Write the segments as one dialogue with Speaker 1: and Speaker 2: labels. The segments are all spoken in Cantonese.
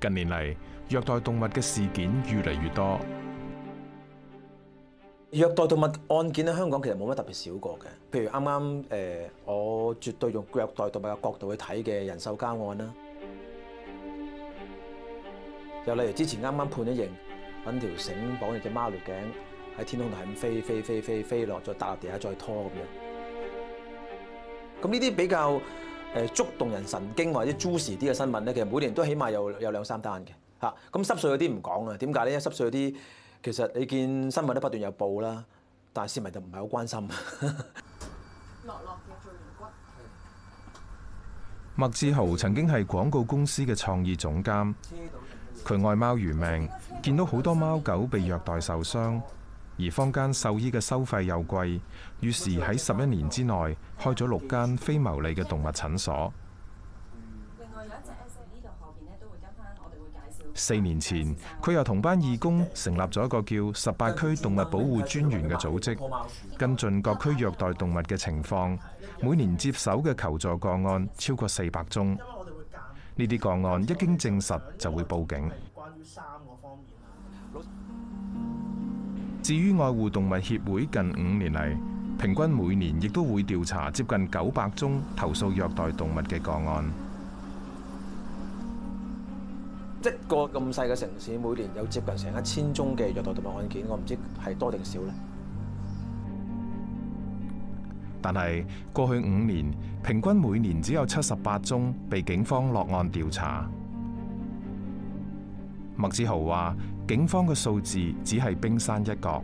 Speaker 1: 近年嚟虐待動物嘅事件越嚟越多，虐待動物案件喺
Speaker 2: 香港其實冇乜特別少過嘅。譬如啱啱誒，我絕對用虐待動物嘅角度去睇嘅人獸交案啦，又例如之前啱啱判咗刑，搵條繩綁住隻貓條頸，喺天空度咁飛飛飛飛飛落，再搭落地下再拖咁樣。咁呢啲比較。誒觸動人神經或者 juicy 啲嘅新聞咧，其實每年都起碼有有兩三單嘅嚇。咁濕碎嗰啲唔講啦，點解呢？因為濕碎嗰啲其實你見新聞都不斷有報啦，但係市民就唔係好關心落落。
Speaker 1: 落落嘅碎骨。麥志豪曾經係廣告公司嘅創意總監，佢愛貓如命，見到好多貓狗被虐待受傷。而坊間獸醫嘅收費又貴，於是喺十一年之內開咗六間非牟利嘅動物診所。四年前，佢又同班義工成立咗一個叫十八區動物保護專員嘅組織，跟進各區虐待動物嘅情況。每年接手嘅求助個案超過四百宗，呢啲個案一經證實就會報警。至於愛護動物協會近五年嚟，平均每年亦都會調查接近九百宗投訴虐待動物嘅個案。
Speaker 2: 一個咁細嘅城市，每年有接近成一千宗嘅虐待動物案件，我唔知係多定少咧。
Speaker 1: 但係過去五年，平均每年只有七十八宗被警方落案調查。麥志豪話。警方嘅數字只係冰山一角。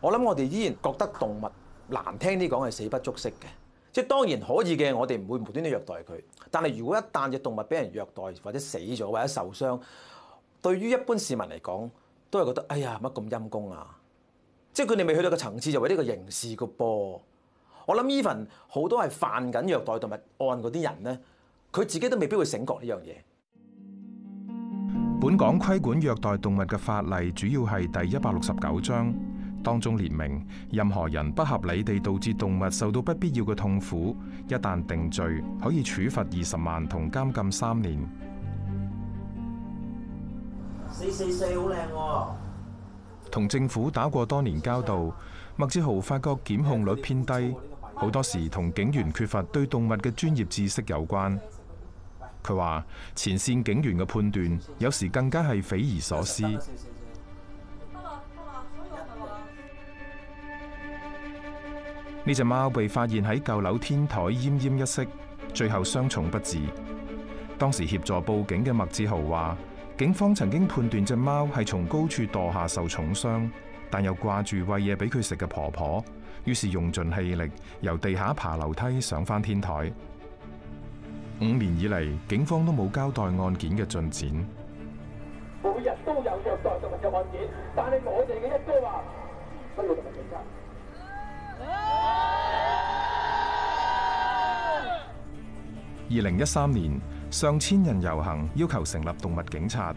Speaker 2: 我諗我哋依然覺得動物難聽啲講係死不足惜嘅，即係當然可以嘅，我哋唔會無端端虐待佢。但係如果一旦隻動物俾人虐待或者死咗或者受傷，對於一般市民嚟講，都係覺得哎呀乜咁陰功啊！即係佢哋未去到個層次，就為呢個刑事個噃。我諗 even 好多係犯緊虐待動物案嗰啲人咧，佢自己都未必會醒覺呢樣嘢。
Speaker 1: 本港規管虐待動物嘅法例主要係第一百六十九章，當中列明任何人不合理地導致動物受到不必要嘅痛苦，一旦定罪，可以處罰二十萬同監禁三年。
Speaker 2: 四四四好靚
Speaker 1: 同政府打過多年交道，麥志豪發覺檢控率偏低，好多時同警員缺乏對動物嘅專業知識有關。佢話：他前線警員嘅判斷，有時更加係匪夷所思。呢隻貓被發現喺舊樓天台奄奄一息，最後傷重不治。當時協助報警嘅麥志豪話：警方曾經判斷隻貓係從高處墮下受重傷，但又掛住餵嘢俾佢食嘅婆婆，於是用盡氣力由地下爬樓梯上返天台。五年以嚟，警方都冇交代案件嘅進展。
Speaker 2: 每日都有虐待
Speaker 1: 動物嘅案件，但係我哋嘅一句話，二零一三年上千人遊行要求成立動物警察。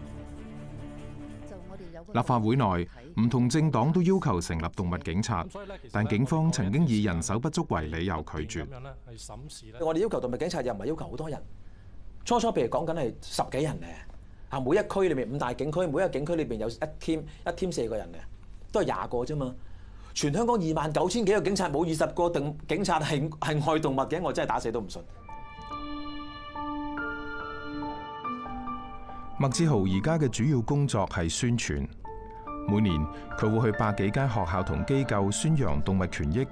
Speaker 1: 立法會內，唔同政黨都要求成立動物警察，但警方曾經以人手不足為理由拒絕。
Speaker 2: 我哋要求動物警察又唔係要求好多人，初初譬如講緊係十幾人嘅，嚇每一區裏面五大警區，每一個警區裏面有一 team，一 team 四個人嘅，都係廿個啫嘛。全香港二萬九千幾個警察，冇二十個定警察係係愛動物嘅，我真係打死都唔信。
Speaker 1: 麥志豪而家嘅主要工作係宣傳。每年佢會去百幾間學校同機構宣揚動物權益，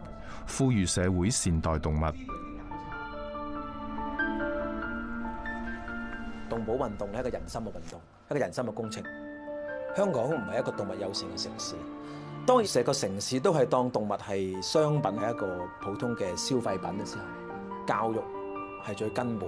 Speaker 1: 呼籲社會善待動物。
Speaker 2: 動保運動係一個人心嘅運動，係一個人心嘅工程。香港唔係一個動物友善嘅城市，當然成個城市都係當動物係商品，係一個普通嘅消費品嘅時候，教育係最根本。